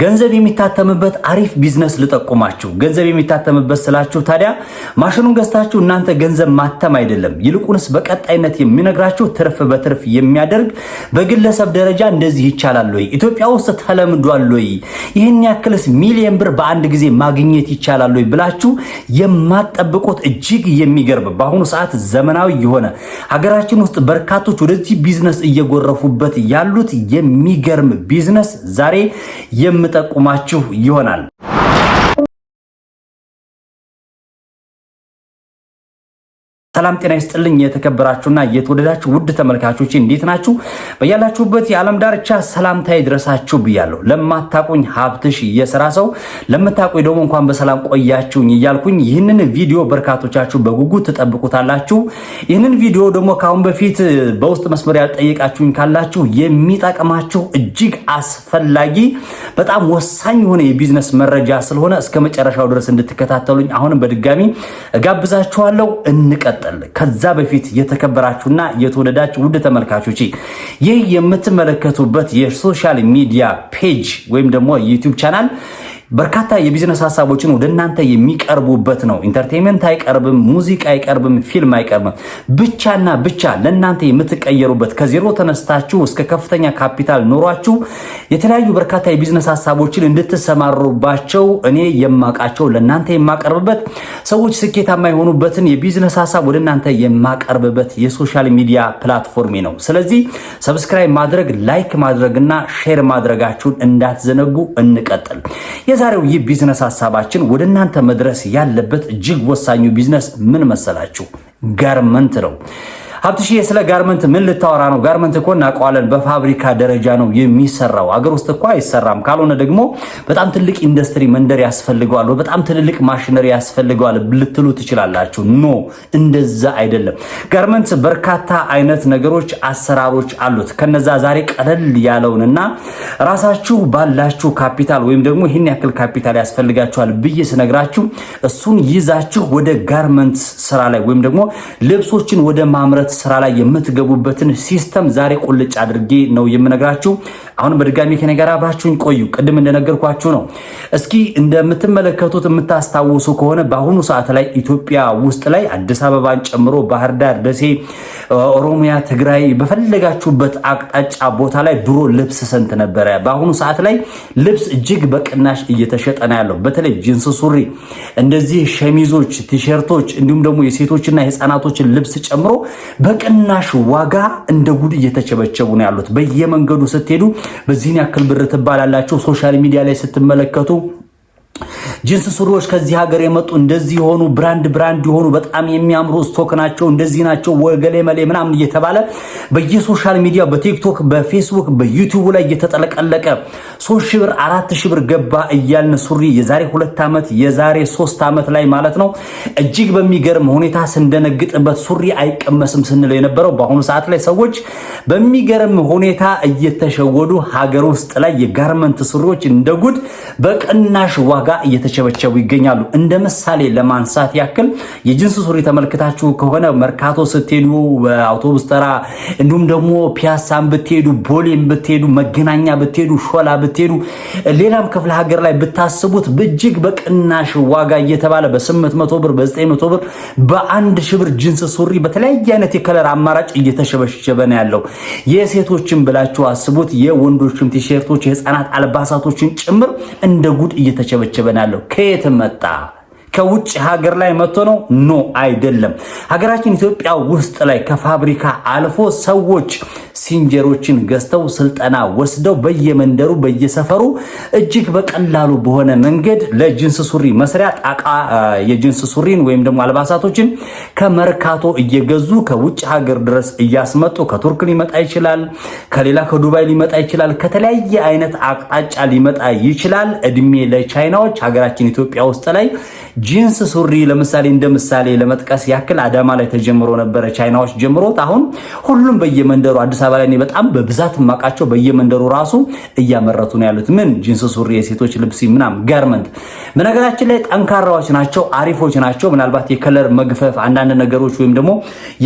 ገንዘብ የሚታተምበት አሪፍ ቢዝነስ ልጠቁማችሁ። ገንዘብ የሚታተምበት ስላችሁ ታዲያ ማሽኑን ገዝታችሁ እናንተ ገንዘብ ማተም አይደለም፣ ይልቁንስ በቀጣይነት የሚነግራችሁ ትርፍ በትርፍ የሚያደርግ በግለሰብ ደረጃ እንደዚህ ይቻላል ወይ? ኢትዮጵያ ውስጥ ተለምዷል ወይ? ይህን ያክልስ ሚሊየን ብር በአንድ ጊዜ ማግኘት ይቻላል ወይ ብላችሁ የማትጠብቁት እጅግ የሚገርም በአሁኑ ሰዓት ዘመናዊ የሆነ ሀገራችን ውስጥ በርካቶች ወደዚህ ቢዝነስ እየጎረፉበት ያሉት የሚገርም ቢዝነስ ዛሬ የም የምጠቁማችሁ ይሆናል። ሰላም ጤና ይስጥልኝ። የተከበራችሁና የተወደዳችሁ ውድ ተመልካቾች እንዴት ናችሁ? በያላችሁበት የዓለም ዳርቻ ሰላምታ ይድረሳችሁ ብያለሁ። ለማታቁኝ ሀብትሽ የስራ ሰው፣ ለምታቁኝ ደግሞ እንኳን በሰላም ቆያችሁኝ እያልኩኝ ይህንን ቪዲዮ በርካቶቻችሁ በጉጉት ትጠብቁታላችሁ። ይህንን ቪዲዮ ደግሞ ከአሁን በፊት በውስጥ መስመር ያልጠየቃችሁኝ ካላችሁ የሚጠቅማችሁ እጅግ አስፈላጊ በጣም ወሳኝ የሆነ የቢዝነስ መረጃ ስለሆነ እስከ መጨረሻው ድረስ እንድትከታተሉኝ አሁንም በድጋሚ እጋብዛችኋለሁ። እንቀጥል ከዛ በፊት የተከበራችሁና የተወደዳችሁ ውድ ተመልካቾች ይህ የምትመለከቱበት የሶሻል ሚዲያ ፔጅ ወይም ደግሞ ዩቲዩብ ቻናል በርካታ የቢዝነስ ሀሳቦችን ወደ እናንተ የሚቀርቡበት ነው። ኢንተርቴንመንት አይቀርብም፣ ሙዚቃ አይቀርብም፣ ፊልም አይቀርብም። ብቻና ብቻ ለእናንተ የምትቀየሩበት ከዜሮ ተነስታችሁ እስከ ከፍተኛ ካፒታል ኖሯችሁ የተለያዩ በርካታ የቢዝነስ ሀሳቦችን እንድትሰማሩባቸው እኔ የማውቃቸው ለእናንተ የማቀርብበት ሰዎች ስኬታማ የሆኑበትን የቢዝነስ ሀሳብ ወደ እናንተ የማቀርብበት የሶሻል ሚዲያ ፕላትፎርሜ ነው። ስለዚህ ሰብስክራይብ ማድረግ፣ ላይክ ማድረግና ሼር ማድረጋችሁን እንዳትዘነጉ። እንቀጥል። የዛሬው ይህ ቢዝነስ ሀሳባችን ወደ እናንተ መድረስ ያለበት እጅግ ወሳኙ ቢዝነስ ምን መሰላችሁ? ጋርመንት ነው። ሀብትሺ ስለ ጋርመንት ምን ልታወራ ነው? ጋርመንት እኮ እናውቀዋለን። በፋብሪካ ደረጃ ነው የሚሰራው። አገር ውስጥ እኮ አይሰራም። ካልሆነ ደግሞ በጣም ትልቅ ኢንዱስትሪ መንደር ያስፈልገዋል፣ በጣም ትልልቅ ማሽነሪ ያስፈልገዋል ልትሉ ትችላላችሁ። ኖ እንደዛ አይደለም። ጋርመንት በርካታ አይነት ነገሮች፣ አሰራሮች አሉት። ከነዛ ዛሬ ቀለል ያለውንና ራሳችሁ ባላችሁ ካፒታል ወይም ደግሞ ይህን ያክል ካፒታል ያስፈልጋችኋል ብዬ ስነግራችሁ እሱን ይዛችሁ ወደ ጋርመንት ስራ ላይ ወይም ደግሞ ልብሶችን ወደ ማምረት የህብረት ስራ ላይ የምትገቡበትን ሲስተም ዛሬ ቁልጭ አድርጌ ነው የምነግራችሁ። አሁን በድጋሚ ከኔ ጋር ቆዩ። ቅድም እንደነገርኳችሁ ነው። እስኪ እንደምትመለከቱት የምታስታውሱ ከሆነ በአሁኑ ሰዓት ላይ ኢትዮጵያ ውስጥ ላይ አዲስ አበባን ጨምሮ ባህር ዳር፣ ደሴ፣ ኦሮሚያ፣ ትግራይ በፈለጋችሁበት አቅጣጫ ቦታ ላይ ድሮ ልብስ ስንት ነበረ? በአሁኑ ሰዓት ላይ ልብስ እጅግ በቅናሽ እየተሸጠ ነው ያለው። በተለይ ጂንስ ሱሪ፣ እንደዚህ ሸሚዞች፣ ቲሸርቶች እንዲሁም ደግሞ የሴቶችና የህፃናቶችን ልብስ ጨምሮ በቅናሽ ዋጋ እንደ ጉድ እየተቸበቸቡ ነው ያሉት። በየመንገዱ ስትሄዱ በዚህን ያክል ብር ትባላላቸው። ሶሻል ሚዲያ ላይ ስትመለከቱ ጅንስ ሱሪዎች ከዚህ ሀገር የመጡ እንደዚህ የሆኑ ብራንድ ብራንድ የሆኑ በጣም የሚያምሩ ስቶክ ናቸው፣ እንደዚህ ናቸው፣ ወገሌ መሌ ምናምን እየተባለ በየሶሻል ሚዲያ በቲክቶክ፣ በፌስቡክ፣ በዩቲዩብ ላይ እየተጠለቀለቀ ሶስት ሺህ ብር አራት ሺህ ብር ገባ እያልን ሱሪ የዛሬ ሁለት ዓመት የዛሬ ሶስት ዓመት ላይ ማለት ነው እጅግ በሚገርም ሁኔታ ስንደነግጥበት ሱሪ አይቀመስም ስንለው የነበረው በአሁኑ ሰዓት ላይ ሰዎች በሚገርም ሁኔታ እየተሸወዱ ሀገር ውስጥ ላይ የጋርመንት ሱሪዎች እንደ ጉድ በቅናሽ ዋጋ እየተቸበቸቡ ይገኛሉ። እንደ ምሳሌ ለማንሳት ያክል የጅንስ ሱሪ ተመልክታችሁ ከሆነ መርካቶ ስትሄዱ፣ በአውቶቡስ ተራ እንዲሁም ደግሞ ፒያሳን ብትሄዱ፣ ቦሌን ብትሄዱ፣ መገናኛ ብትሄዱ፣ ሾላ ብትሄዱ ሌላም ክፍለ ሀገር ላይ ብታስቡት በእጅግ በቅናሽ ዋጋ እየተባለ በ800 ብር በ900 ብር በአንድ ሺህ ብር ጂንስ ሱሪ በተለያየ አይነት የከለር አማራጭ እየተሸበሸበ ነው ያለው። የሴቶችን ብላችሁ አስቡት፣ የወንዶችም ቲሸርቶች፣ የህፃናት አልባሳቶችን ጭምር እንደ ጉድ እየተሸበሸበ ነው ያለው። ከየት መጣ? ከውጭ ሀገር ላይ መጥቶ ነው? ኖ አይደለም። ሀገራችን ኢትዮጵያ ውስጥ ላይ ከፋብሪካ አልፎ ሰዎች ሲንጀሮችን ገዝተው ስልጠና ወስደው በየመንደሩ በየሰፈሩ እጅግ በቀላሉ በሆነ መንገድ ለጅንስ ሱሪ መስሪያ ጣቃ የጅንስ ሱሪን ወይም ደግሞ አልባሳቶችን ከመርካቶ እየገዙ ከውጭ ሀገር ድረስ እያስመጡ ከቱርክ ሊመጣ ይችላል፣ ከሌላ ከዱባይ ሊመጣ ይችላል፣ ከተለያየ አይነት አቅጣጫ ሊመጣ ይችላል። እድሜ ለቻይናዎች ሀገራችን ኢትዮጵያ ውስጥ ላይ ጂንስ ሱሪ ለምሳሌ እንደ ምሳሌ ለመጥቀስ ያክል አዳማ ላይ ተጀምሮ ነበረ። ቻይናዎች ጀምሮት አሁን ሁሉም በየመንደሩ አዲስ አበባ ላይ በጣም በብዛት ማቃቸው በየመንደሩ ራሱ እያመረቱ ነው ያሉት። ምን ጂንስ ሱሪ፣ የሴቶች ልብስ ምናምን ጋርመንት። በነገራችን ላይ ጠንካራዎች ናቸው፣ አሪፎች ናቸው። ምናልባት የከለር መግፈፍ አንዳንድ ነገሮች ወይም ደግሞ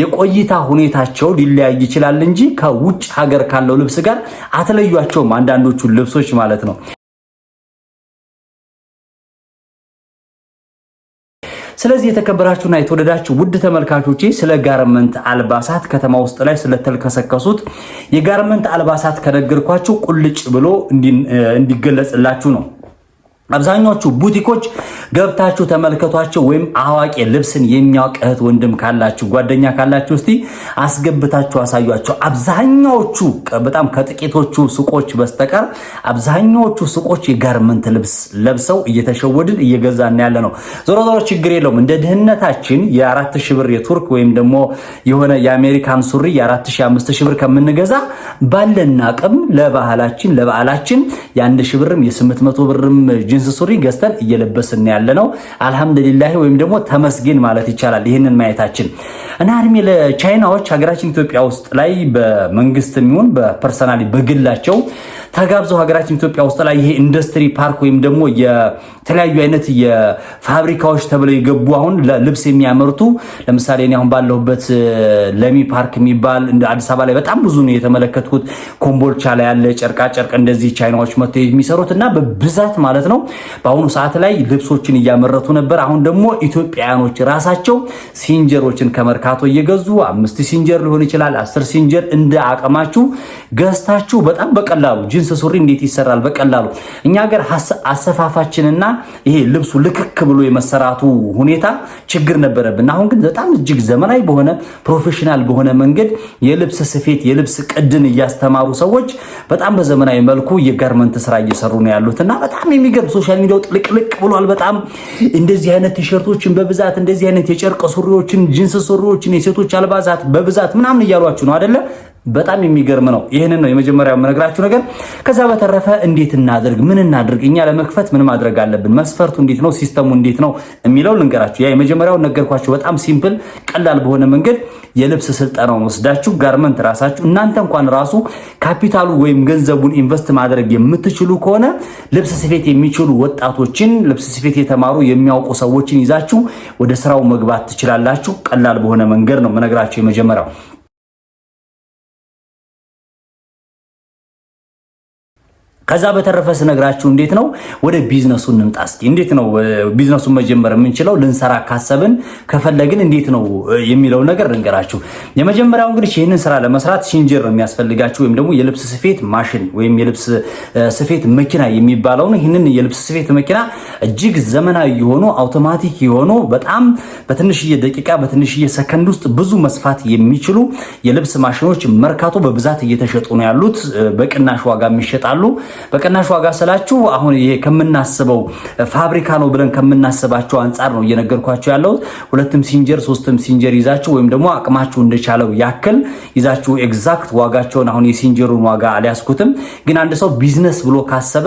የቆይታ ሁኔታቸው ሊለያይ ይችላል እንጂ ከውጭ ሀገር ካለው ልብስ ጋር አትለዩቸውም፣ አንዳንዶቹ ልብሶች ማለት ነው። ስለዚህ የተከበራችሁና የተወደዳችሁ ውድ ተመልካቾች ስለ ጋርመንት አልባሳት ከተማ ውስጥ ላይ ስለተልከሰከሱት የጋርመንት አልባሳት ከነገርኳችሁ ቁልጭ ብሎ እንዲገለጽላችሁ ነው። አብዛኛዎቹ ቡቲኮች ገብታችሁ ተመልከቷቸው። ወይም አዋቂ ልብስን የሚያውቅ እህት ወንድም ካላችሁ ጓደኛ ካላችሁ እስቲ አስገብታችሁ አሳዩቸው። አብዛኛዎቹ በጣም ከጥቂቶቹ ሱቆች በስተቀር አብዛኛዎቹ ሱቆች የጋርመንት ልብስ ለብሰው እየተሸወድን እየገዛን ያለ ነው። ዞሮ ዞሮ ችግር የለውም። እንደ ድህነታችን የአራት ሺህ ብር የቱርክ ወይም ደግሞ የሆነ የአሜሪካን ሱሪ የአራት ሺህ አምስት ሺህ ብር ከምንገዛ ባለን አቅም ለባህላችን ለበዓላችን የአንድ ሺህ ብርም የስምንት መቶ ብርም ጂንስ ሱሪ ገዝተን እየለበስን ያለ ነው። አልሐምዱሊላህ ወይም ደግሞ ተመስገን ማለት ይቻላል ይህንን ማየታችን እና እድሜ ለቻይናዎች ሀገራችን ኢትዮጵያ ውስጥ ላይ በመንግስት የሚሆን በፐርሰናሊ በግላቸው ተጋብዘው ሀገራችን ኢትዮጵያ ውስጥ ላይ ይሄ ኢንዱስትሪ ፓርክ ወይም ደግሞ የተለያዩ አይነት የፋብሪካዎች ተብለው የገቡ አሁን ልብስ የሚያመርቱ ለምሳሌ እኔ አሁን ባለሁበት ለሚ ፓርክ የሚባል እንደ አዲስ አበባ ላይ በጣም ብዙ ነው የተመለከትኩት። ኮምቦልቻ ላይ ያለ ጨርቃ ጨርቅ እንደዚህ ቻይናዎች መጥተው የሚሰሩት እና በብዛት ማለት ነው በአሁኑ ሰዓት ላይ ልብሶችን እያመረቱ ነበር። አሁን ደግሞ ኢትዮጵያውያኖች ራሳቸው ሲንጀሮችን ከመርካቶ እየገዙ አምስት ሲንጀር ሊሆን ይችላል አስር ሲንጀር እንደ አቅማችሁ ገዝታችሁ በጣም በቀላሉ ጂንስ ሱሪ እንዴት ይሰራል በቀላሉ እኛ ሀገር አሰፋፋችንና ይሄ ልብሱ ልክክ ብሎ የመሰራቱ ሁኔታ ችግር ነበረብን። አሁን ግን በጣም እጅግ ዘመናዊ በሆነ ፕሮፌሽናል በሆነ መንገድ የልብስ ስፌት፣ የልብስ ቅድን እያስተማሩ ሰዎች በጣም በዘመናዊ መልኩ የጋርመንት ስራ እየሰሩ ነው ያሉት እና በጣም የሚገርም ሶሻል ሚዲያው ጥልቅልቅ ብሏል። በጣም እንደዚህ አይነት ቲሸርቶችን በብዛት እንደዚህ አይነት የጨርቅ ሱሪዎችን፣ ጂንስ ሱሪዎችን፣ የሴቶች አልባሳት በብዛት ምናምን እያሏችሁ ነው አይደለ? በጣም የሚገርም ነው። ይህንን ነው የመጀመሪያው የምነግራችሁ ነገር። ከዛ በተረፈ እንዴት እናድርግ፣ ምን እናድርግ፣ እኛ ለመክፈት ምን ማድረግ አለብን፣ መስፈርቱ እንዴት ነው፣ ሲስተሙ እንዴት ነው የሚለው ልንገራችሁ። ያ የመጀመሪያው ነገርኳችሁ። በጣም ሲምፕል፣ ቀላል በሆነ መንገድ የልብስ ስልጠናውን ወስዳችሁ ጋርመንት ራሳችሁ እናንተ እንኳን ራሱ ካፒታሉ ወይም ገንዘቡን ኢንቨስት ማድረግ የምትችሉ ከሆነ ልብስ ስፌት የሚችሉ ወጣቶችን፣ ልብስ ስፌት የተማሩ የሚያውቁ ሰዎችን ይዛችሁ ወደ ስራው መግባት ትችላላችሁ። ቀላል በሆነ መንገድ ነው የምነግራችሁ የመጀመሪያው ከዛ በተረፈ ስነግራችሁ እንዴት ነው ወደ ቢዝነሱ እንምጣ እስኪ። እንዴት ነው ቢዝነሱን መጀመር የምንችለው? ልንሰራ ካሰብን ከፈለግን እንዴት ነው የሚለው ነገር ልንገራችሁ። የመጀመሪያው እንግዲህ ይህንን ስራ ለመስራት ሲንጀር የሚያስፈልጋችሁ፣ ወይም ደግሞ የልብስ ስፌት ማሽን ወይም የልብስ ስፌት መኪና የሚባለው ነው። ይህንን የልብስ ስፌት መኪና እጅግ ዘመናዊ የሆኑ አውቶማቲክ የሆኑ በጣም በትንሽዬ ደቂቃ በትንሽዬ ሰከንድ ውስጥ ብዙ መስፋት የሚችሉ የልብስ ማሽኖች መርካቶ በብዛት እየተሸጡ ነው ያሉት። በቅናሽ ዋጋም ይሸጣሉ። በቅናሽ ዋጋ ስላችሁ አሁን ይሄ ከምናስበው ፋብሪካ ነው ብለን ከምናስባቸው አንጻር ነው እየነገርኳቸው ያለው ሁለትም ሲንጀር ሶስትም ሲንጀር ይዛችሁ ወይም ደግሞ አቅማችሁ እንደቻለው ያክል ይዛችሁ ኤግዛክት ዋጋቸውን አሁን የሲንጀሩን ዋጋ አልያዝኩትም፣ ግን አንድ ሰው ቢዝነስ ብሎ ካሰበ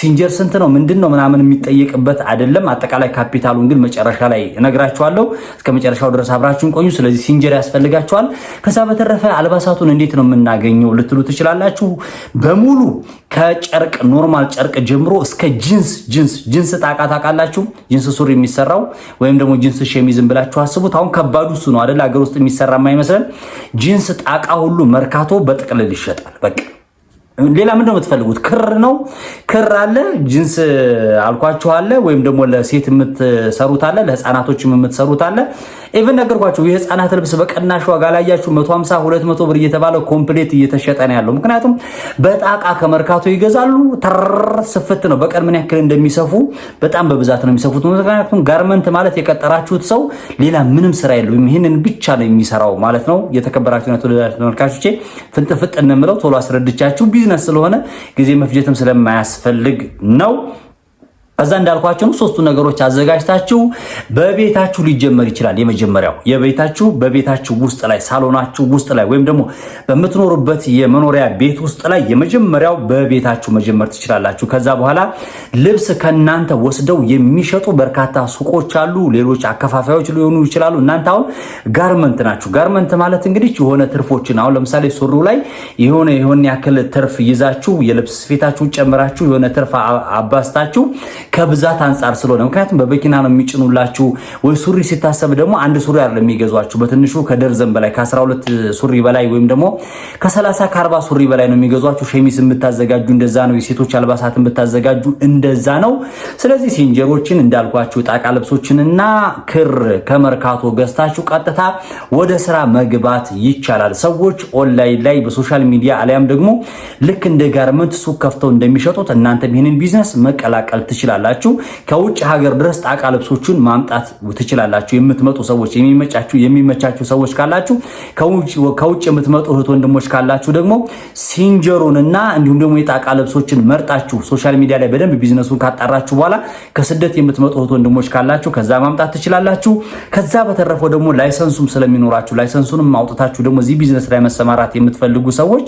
ሲንጀር ስንት ነው ምንድን ነው ምናምን የሚጠየቅበት አይደለም። አጠቃላይ ካፒታሉን ግን መጨረሻ ላይ እነግራችኋለሁ። እስከ መጨረሻው ድረስ አብራችሁን ቆዩ። ስለዚህ ሲንጀር ያስፈልጋቸዋል። ከዛ በተረፈ አልባሳቱን እንዴት ነው የምናገኘው ልትሉ ትችላላችሁ። በሙሉ ከጭ ከጨርቅ ኖርማል ጨርቅ ጀምሮ እስከ ጂንስ ጂንስ ጂንስ ጣቃ ታውቃላችሁ። ጂንስ ሱሪ የሚሰራው ወይም ደግሞ ጂንስ ሸሚዝን ብላችሁ አስቡት። አሁን ከባዱ እሱ ነው አይደል? ሀገር ውስጥ የሚሰራ የማይመስለን ጂንስ ጣቃ ሁሉ መርካቶ በጥቅልል ይሸጣል። በቃ ሌላ ምንድነው የምትፈልጉት? ክር ነው። ክር አለ፣ ጂንስ አልኳችሁ አለ፣ ወይም ደግሞ ለሴት የምትሰሩት አለ፣ ለህፃናቶችም የምትሰሩት አለ። ኢቨን ነገርኳችሁ የህፃናት ልብስ በቀናሽ ዋጋ ላይ ያያችሁ 150 200 ብር እየተባለ ኮምፕሌት እየተሸጠ ነው ያለው። ምክንያቱም በጣቃ ከመርካቶ ይገዛሉ። ተር ስፍት ነው። በቀን ምን ያክል እንደሚሰፉ በጣም በብዛት ነው የሚሰፉት። ምክንያቱም ጋርመንት ማለት የቀጠራችሁት ሰው ሌላ ምንም ስራ የለውም፣ ይህንን ብቻ ነው የሚሰራው ማለት ነው። የተከበራችሁ ነው ተመልካቾቼ፣ ፍንጥፍጥ እንምለው ቶሎ አስረድቻችሁ ቢዝነስ ስለሆነ ጊዜ መፍጀትም ስለማያስፈልግ ነው። ከዛ እንዳልኳቸው ነው። ሶስቱ ነገሮች አዘጋጅታችሁ በቤታችሁ ሊጀመር ይችላል። የመጀመሪያው የቤታችሁ በቤታችሁ ውስጥ ላይ ሳሎናችሁ ውስጥ ላይ ወይም ደግሞ በምትኖሩበት የመኖሪያ ቤት ውስጥ ላይ የመጀመሪያው በቤታችሁ መጀመር ትችላላችሁ። ከዛ በኋላ ልብስ ከእናንተ ወስደው የሚሸጡ በርካታ ሱቆች አሉ። ሌሎች አከፋፋዮች ሊሆኑ ይችላሉ። እናንተ አሁን ጋርመንት ናችሁ። ጋርመንት ማለት እንግዲህ የሆነ ትርፎችን አሁን ለምሳሌ ሱሪው ላይ የሆነ የሆነ ያክል ትርፍ ይዛችሁ የልብስ ስፌታችሁ ጨምራችሁ የሆነ ትርፍ አባስታችሁ ከብዛት አንጻር ስለሆነ ምክንያቱም በመኪና ነው የሚጭኑላችሁ። ወይ ሱሪ ሲታሰብ ደግሞ አንድ ሱሪ አይደለም የሚገዟችሁ፣ በትንሹ ከደርዘን በላይ ከ12 ሱሪ በላይ ወይም ደግሞ ከ30 ከ40 ሱሪ በላይ ነው የሚገዟችሁ። ሸሚዝ የምታዘጋጁ እንደዛ ነው። የሴቶች አልባሳትን ብታዘጋጁ እንደዛ ነው። ስለዚህ ሲንጀሮችን እንዳልኳችሁ ጣቃ ልብሶችንና ክር ከመርካቶ ገዝታችሁ ቀጥታ ወደ ስራ መግባት ይቻላል። ሰዎች ኦንላይን ላይ በሶሻል ሚዲያ አሊያም ደግሞ ልክ እንደ ጋርመንት ሱቅ ከፍተው እንደሚሸጡት እናንተም ይህንን ቢዝነስ መቀላቀል ትችላላችሁ። ትችላላችሁ። ከውጭ ሀገር ድረስ ጣቃ ልብሶቹን ማምጣት ትችላላችሁ። የምትመጡ ሰዎች የሚመቻችሁ የሚመቻችሁ ሰዎች ካላችሁ ከውጭ የምትመጡ እህት ወንድሞች ካላችሁ ደግሞ ሲንጀሮንና እንዲሁም ደግሞ የጣቃ ልብሶችን መርጣችሁ ሶሻል ሚዲያ ላይ በደንብ ቢዝነሱን ካጣራችሁ በኋላ ከስደት የምትመጡ እህት ወንድሞች ካላችሁ ከዛ ማምጣት ትችላላችሁ። ከዛ በተረፈው ደግሞ ላይሰንሱም ስለሚኖራችሁ ላይሰንሱንም አውጥታችሁ ደግሞ እዚህ ቢዝነስ ላይ መሰማራት የምትፈልጉ ሰዎች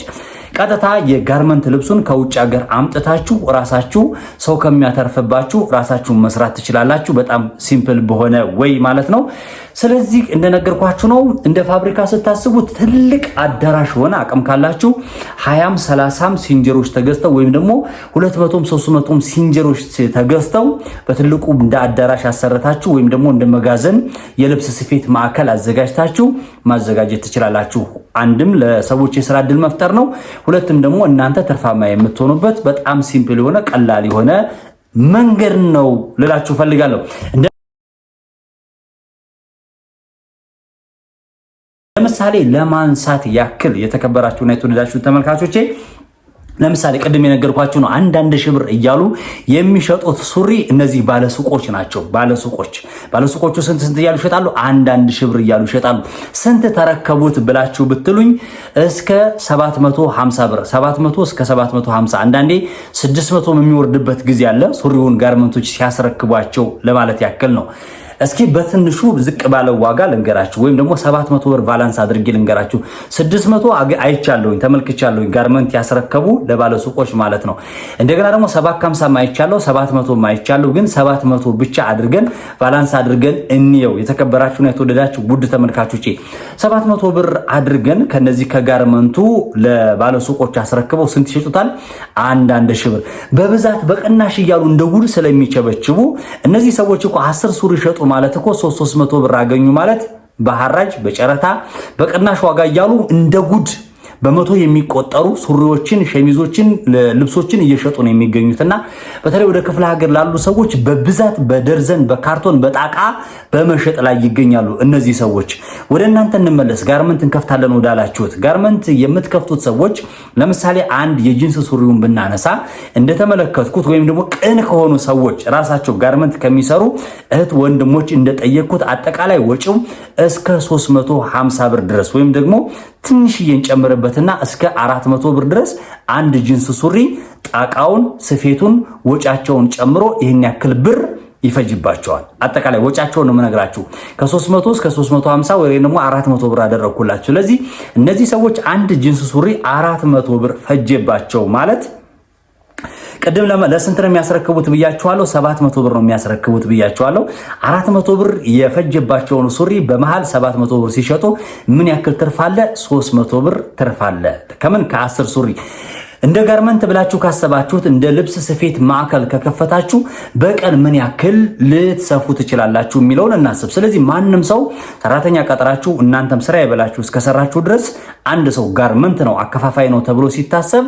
ቀጥታ የጋርመንት ልብሱን ከውጭ ሀገር አምጥታችሁ ራሳችሁ ሰው ከሚያተርፍባችሁ ራሳችሁን መስራት ትችላላችሁ። በጣም ሲምፕል በሆነ ወይ ማለት ነው። ስለዚህ እንደነገርኳችሁ ነው። እንደ ፋብሪካ ስታስቡ ትልቅ አዳራሽ ሆነ አቅም ካላችሁ ሀያም ሰላሳም ሲንጀሮች ተገዝተው ወይም ደግሞ ሁለት መቶም ሶስት መቶም ሲንጀሮች ተገዝተው በትልቁ እንደ አዳራሽ አሰረታችሁ ወይም ደግሞ እንደ መጋዘን የልብስ ስፌት ማዕከል አዘጋጅታችሁ ማዘጋጀት ትችላላችሁ። አንድም ለሰዎች የስራ እድል መፍጠር ነው። ሁለትም ደግሞ እናንተ ትርፋማ የምትሆኑበት በጣም ሲምፕል የሆነ ቀላል የሆነ መንገድ ነው ልላችሁ ፈልጋለሁ። ለምሳሌ ለማንሳት ያክል የተከበራችሁና የተወደዳችሁ ተመልካቾቼ ለምሳሌ ቅድም የነገርኳችሁ ነው። አንዳንድ ሺህ ብር እያሉ የሚሸጡት ሱሪ እነዚህ ባለሱቆች ናቸው። ባለሱቆች ባለሱቆቹ ስንት ስንት እያሉ ይሸጣሉ? አንዳንድ ሺህ ብር እያሉ ይሸጣሉ። ስንት ተረከቡት ብላችሁ ብትሉኝ እስከ 750 ብር 700 እስከ 750 አንዳንዴ 600 የሚወርድበት ጊዜ አለ። ሱሪውን ጋርመንቶች ሲያስረክቧቸው ለማለት ያክል ነው። እስኪ በትንሹ ዝቅ ባለው ዋጋ ልንገራችሁ፣ ወይም ደግሞ 700 ብር ቫላንስ አድርጌ ልንገራችሁ። 600 አይቻለሁኝ፣ ተመልክቻለሁኝ ጋርመንት ያስረከቡ ለባለሱቆች ማለት ነው። እንደገና ደግሞ 750 አይቻለሁ፣ 700 አይቻለሁ። ግን 700 ብቻ አድርገን ቫላንስ አድርገን እንየው። የተከበራችሁና የተወደዳችሁ ውድ ተመልካቾቼ 700 ብር አድርገን ከነዚህ ከጋርመንቱ ለባለሱቆች ያስረክበው ስንት ይሸጡታል? አንዳንድ ሺህ ብር በብዛት በቅናሽ እያሉ እንደ ጉድ ስለሚቸበችቡ እነዚህ ሰዎች እኮ 10 ሱር ይሸጡ ማለት እኮ 300 ብር አገኙ ማለት በሐራጅ በጨረታ በቅናሽ ዋጋ እያሉ እንደ ጉድ በመቶ የሚቆጠሩ ሱሪዎችን፣ ሸሚዞችን፣ ልብሶችን እየሸጡ ነው የሚገኙት እና በተለይ ወደ ክፍለ ሀገር ላሉ ሰዎች በብዛት በደርዘን በካርቶን በጣቃ በመሸጥ ላይ ይገኛሉ። እነዚህ ሰዎች ወደ እናንተ እንመለስ። ጋርመንት እንከፍታለን ወዳላችሁት ጋርመንት የምትከፍቱት ሰዎች ለምሳሌ አንድ የጂንስ ሱሪውን ብናነሳ እንደተመለከትኩት ወይም ደግሞ ቅን ከሆኑ ሰዎች ራሳቸው ጋርመንት ከሚሰሩ እህት ወንድሞች እንደጠየቅኩት አጠቃላይ ወጪው እስከ 350 ብር ድረስ ወይም ደግሞ ትንሽዬን ጨምርበትና እስከ 400 ብር ድረስ አንድ ጅንስ ሱሪ ጣቃውን፣ ስፌቱን፣ ወጫቸውን ጨምሮ ይህን ያክል ብር ይፈጅባቸዋል። አጠቃላይ ወጫቸውን ነው የምነግራችሁ። ከ300 እስከ 350 ወይ ደግሞ 400 ብር አደረግኩላችሁ። ስለዚህ እነዚህ ሰዎች አንድ ጅንስ ሱሪ 400 ብር ፈጀባቸው ማለት ቅድም ለስንት ነው የሚያስረክቡት ብያችኋለሁ። ሰባት መቶ ብር ነው የሚያስረክቡት ብያችኋለሁ። አራት መቶ ብር የፈጀባቸውን ሱሪ በመሃል ሰባት መቶ ብር ሲሸጡ ምን ያክል ትርፍ አለ? ሶስት መቶ ብር ትርፍ አለ። ከምን ከአስር ሱሪ እንደ ጋርመንት ብላችሁ ካሰባችሁት እንደ ልብስ ስፌት ማዕከል ከከፈታችሁ በቀን ምን ያክል ልትሰፉ ትችላላችሁ የሚለውን እናስብ። ስለዚህ ማንም ሰው ሰራተኛ ቀጥራችሁ እናንተም ስራ ይበላችሁ እስከሰራችሁ ድረስ አንድ ሰው ጋርመንት ነው አከፋፋይ ነው ተብሎ ሲታሰብ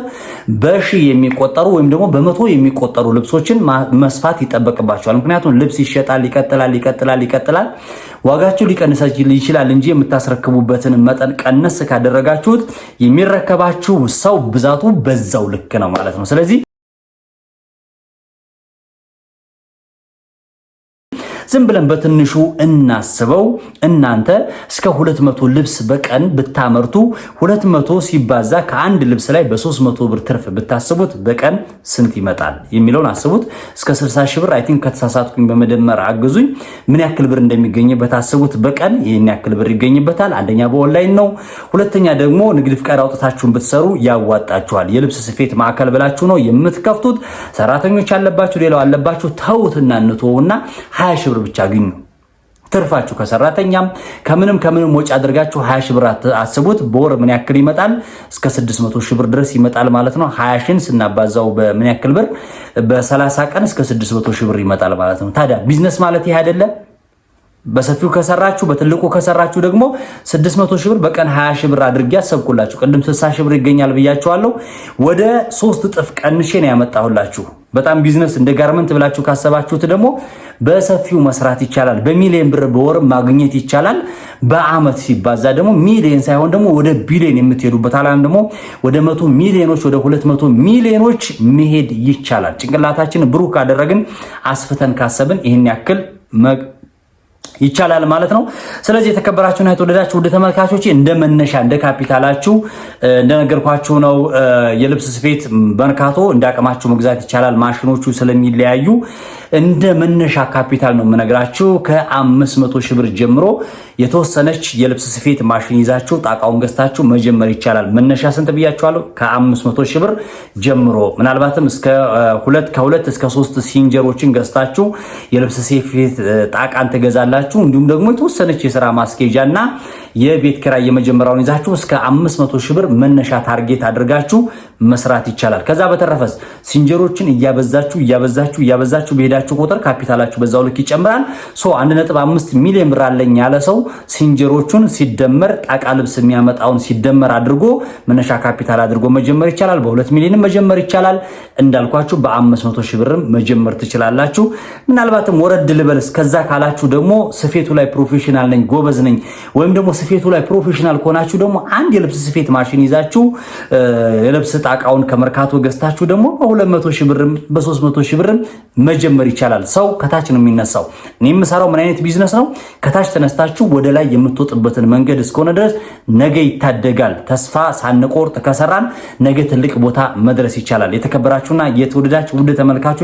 በሺ የሚቆጠሩ ወይም ደግሞ በመቶ የሚቆጠሩ ልብሶችን መስፋት ይጠበቅባቸዋል። ምክንያቱም ልብስ ይሸጣል፣ ይቀጥላል፣ ይቀጥላል፣ ይቀጥላል። ዋጋቸው ሊቀንስ ይችላል እንጂ የምታስረክቡበትን መጠን ቀነስ ካደረጋችሁት የሚረከባችሁ ሰው ብዛቱ በዛው ልክ ነው ማለት ነው። ስለዚህ ዝም ብለን በትንሹ እናስበው። እናንተ እስከ 200 ልብስ በቀን ብታመርቱ 200 ሲባዛ ከአንድ ልብስ ላይ በ300 ብር ትርፍ ብታስቡት በቀን ስንት ይመጣል የሚለውን አስቡት። እስከ 60 ሺህ ብር አይ ቲንክ ከተሳሳትኩኝ በመደመር አግዙኝ። ምን ያክል ብር እንደሚገኝበት አስቡት። በቀን ይህን ያክል ብር ይገኝበታል። አንደኛ በኦንላይን ነው። ሁለተኛ ደግሞ ንግድ ፍቃድ አውጥታችሁን ብትሰሩ ያዋጣችኋል። የልብስ ስፌት ማዕከል ብላችሁ ነው የምትከፍቱት። ሰራተኞች አለባችሁ፣ ሌላው አለባችሁ። ተውትና እንትወውና 20 ሺህ ብር ብር ብቻ አግኙ። ትርፋችሁ ከሰራተኛም ከምንም ከምንም ወጪ አድርጋችሁ 20 ሺህ ብር አስቡት። በወር ምን ያክል ይመጣል? እስከ 600 ሺህ ብር ድረስ ይመጣል ማለት ነው። 20 ሺህን ስናባዛው በምን ያክል ብር? በ30 ቀን እስከ 600 ሺህ ብር ይመጣል ማለት ነው። ታዲያ ቢዝነስ ማለት ይሄ አይደለ? በሰፊው ከሰራችሁ በትልቁ ከሰራችሁ ደግሞ 600 ሺህ ብር በቀን 20 ሺህ ብር አድርጌ አሰብኩላችሁ። ቅድም 60 ሺህ ብር ይገኛል ብያችኋለሁ። ወደ ሶስት እጥፍ ቀንሼ ነው ያመጣሁላችሁ። በጣም ቢዝነስ እንደ ጋርመንት ብላችሁ ካሰባችሁት ደግሞ በሰፊው መስራት ይቻላል። በሚሊየን ብር በወር ማግኘት ይቻላል። በአመት ሲባዛ ደግሞ ሚሊየን ሳይሆን ደግሞ ወደ ቢሊየን የምትሄዱበት አላም ደግሞ ወደ መቶ ሚሊዮኖች ወደ ሁለት መቶ ሚሊዮኖች መሄድ ይቻላል። ጭንቅላታችን ብሩህ ካደረግን አስፍተን ካሰብን ይህን ያክል ይቻላል ማለት ነው። ስለዚህ የተከበራችሁና የተወደዳችሁ ውድ ተመልካቾች እንደ መነሻ እንደ ካፒታላችሁ እንደነገርኳችሁ ነው። የልብስ ስፌት መርካቶ እንዳቅማችሁ መግዛት ይቻላል። ማሽኖቹ ስለሚለያዩ እንደ መነሻ ካፒታል ነው የምነግራችሁ። ከ500 ሺህ ብር ጀምሮ የተወሰነች የልብስ ስፌት ማሽን ይዛችሁ ጣቃውን ገዝታችሁ መጀመር ይቻላል። መነሻ ስንት ብያችኋለሁ? ከ500 ሺህ ብር ጀምሮ ምናልባትም እስከ ሁለት ከሁለት እስከ ሶስት ሲንጀሮችን ገዝታችሁ የልብስ ስፌት ጣቃን ትገዛላችሁ። ይዛችሁ እንዲሁም ደግሞ የተወሰነች የስራ ማስኬጃ እና የቤት ኪራይ የመጀመሪያውን ይዛችሁ እስከ 500 ሺህ ብር መነሻ ታርጌት አድርጋችሁ መስራት ይቻላል። ከዛ በተረፈስ ሲንጀሮችን እያበዛችሁ እያበዛችሁ እያበዛችሁ በሄዳችሁ ቁጥር ካፒታላችሁ በዛው ልክ ይጨምራል። ሶ 1.5 ሚሊዮን ብር አለኝ ያለ ሰው ሲንጀሮቹን ሲደመር ጣቃ ልብስ የሚያመጣውን ሲደመር አድርጎ መነሻ ካፒታል አድርጎ መጀመር ይቻላል። በሁለት ሚሊዮንም መጀመር ይቻላል። እንዳልኳችሁ በ500 ሺህ ብርም መጀመር ትችላላችሁ። ምናልባትም ወረድ ልበልስ ከዛ ካላችሁ ደግሞ ስፌቱ ላይ ፕሮፌሽናል ነኝ ጎበዝ ነኝ ወይም ደግሞ ስፌቱ ላይ ፕሮፌሽናል ከሆናችሁ ደግሞ አንድ የልብስ ስፌት ማሽን ይዛችሁ የልብስ እቃውን ከመርካቶ ገዝታችሁ ደግሞ በ200 ሺህ ብርም በ300 ሺህ ብርም መጀመር ይቻላል። ሰው ከታች ነው የሚነሳው። እኔ የምሰራው ምን አይነት ቢዝነስ ነው? ከታች ተነስታችሁ ወደ ላይ የምትወጥበትን መንገድ እስከሆነ ድረስ ነገ ይታደጋል። ተስፋ ሳንቆርጥ ከሰራን ነገ ትልቅ ቦታ መድረስ ይቻላል። የተከበራችሁና የተወደዳችሁ ውድ ተመልካቾቼ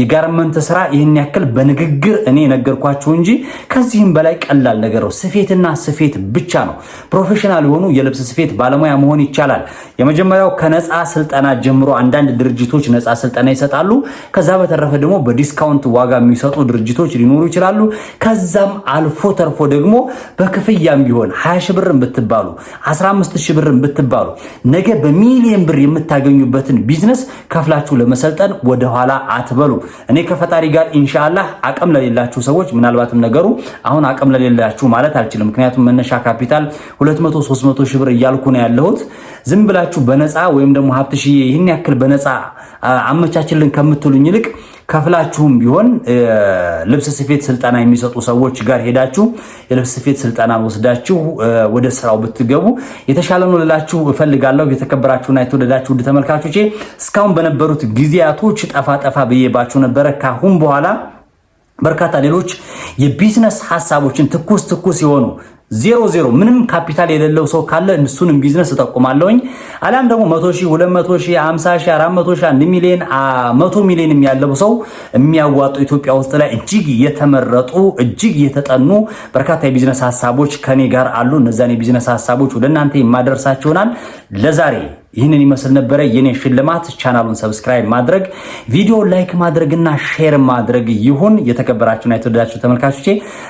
የጋርመንት ስራ ይህን ያክል በንግግር እኔ ነገርኳችሁ እንጂ ከዚህም በላይ ቀላል ነገር ነው። ስፌትና ስፌት ብቻ ነው። ፕሮፌሽናል የሆኑ የልብስ ስፌት ባለሙያ መሆን ይቻላል። የመጀመሪያው ከነ ነፃ ስልጠና ጀምሮ አንዳንድ ድርጅቶች ነፃ ስልጠና ይሰጣሉ። ከዛ በተረፈ ደግሞ በዲስካውንት ዋጋ የሚሰጡ ድርጅቶች ሊኖሩ ይችላሉ። ከዛም አልፎ ተርፎ ደግሞ በክፍያም ቢሆን 20 ሺህ ብርም ብትባሉ 15 ሺህ ብርም ብትባሉ ነገ በሚሊየን ብር የምታገኙበትን ቢዝነስ ከፍላችሁ ለመሰልጠን ወደኋላ አትበሉ። እኔ ከፈጣሪ ጋር ኢንሻላህ አቅም ለሌላችሁ ሰዎች ምናልባትም ነገሩ አሁን አቅም ለሌላችሁ ማለት አልችልም። ምክንያቱም መነሻ ካፒታል 200 300 ሺህ ብር እያልኩ ነው ያለሁት። ዝም ብላችሁ በነፃ ወይም ደግሞ ሀብትሽዬ ይህን ያክል በነፃ አመቻችልን ከምትሉኝ ይልቅ ከፍላችሁም ቢሆን ልብስ ስፌት ስልጠና የሚሰጡ ሰዎች ጋር ሄዳችሁ የልብስ ስፌት ስልጠና ወስዳችሁ ወደ ስራው ብትገቡ የተሻለ ነው ልላችሁ እፈልጋለሁ። የተከበራችሁና የተወደዳችሁ ውድ ተመልካቾቼ እስካሁን በነበሩት ጊዜያቶች ጠፋ ጠፋ ብዬባችሁ ነበረ። ካሁን በኋላ በርካታ ሌሎች የቢዝነስ ሀሳቦችን ትኩስ ትኩስ የሆኑ ዜሮ ዜሮ ምንም ካፒታል የሌለው ሰው ካለ እሱንም ቢዝነስ እጠቁማለሁኝ። አሊያም ደግሞ 100 ሺህ መቶ ሺህ 50 ሺህ መቶ ሺህ 1 ሚሊዮን መቶ ሚሊዮን ያለው ሰው የሚያዋጡ ኢትዮጵያ ውስጥ ላይ እጅግ የተመረጡ እጅግ የተጠኑ በርካታ የቢዝነስ ሀሳቦች ከኔ ጋር አሉ። እነዛን የቢዝነስ ሀሳቦች ወደ እናንተ የማደርሳችሁናል ለዛሬ ይህንን ይመስል ነበረ የኔ ሽልማት። ቻናሉን ሰብስክራይብ ማድረግ፣ ቪዲዮ ላይክ ማድረግና ሼር ማድረግ ይሁን። የተከበራችሁና የተወደዳችሁ ተመልካቾቼ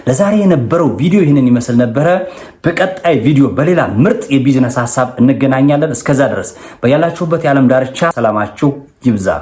ለዛሬ የነበረው ቪዲዮ ይህንን ይመስል ነበረ። በቀጣይ ቪዲዮ በሌላ ምርጥ የቢዝነስ ሀሳብ እንገናኛለን። እስከዛ ድረስ በያላችሁበት የዓለም ዳርቻ ሰላማችሁ ይብዛ።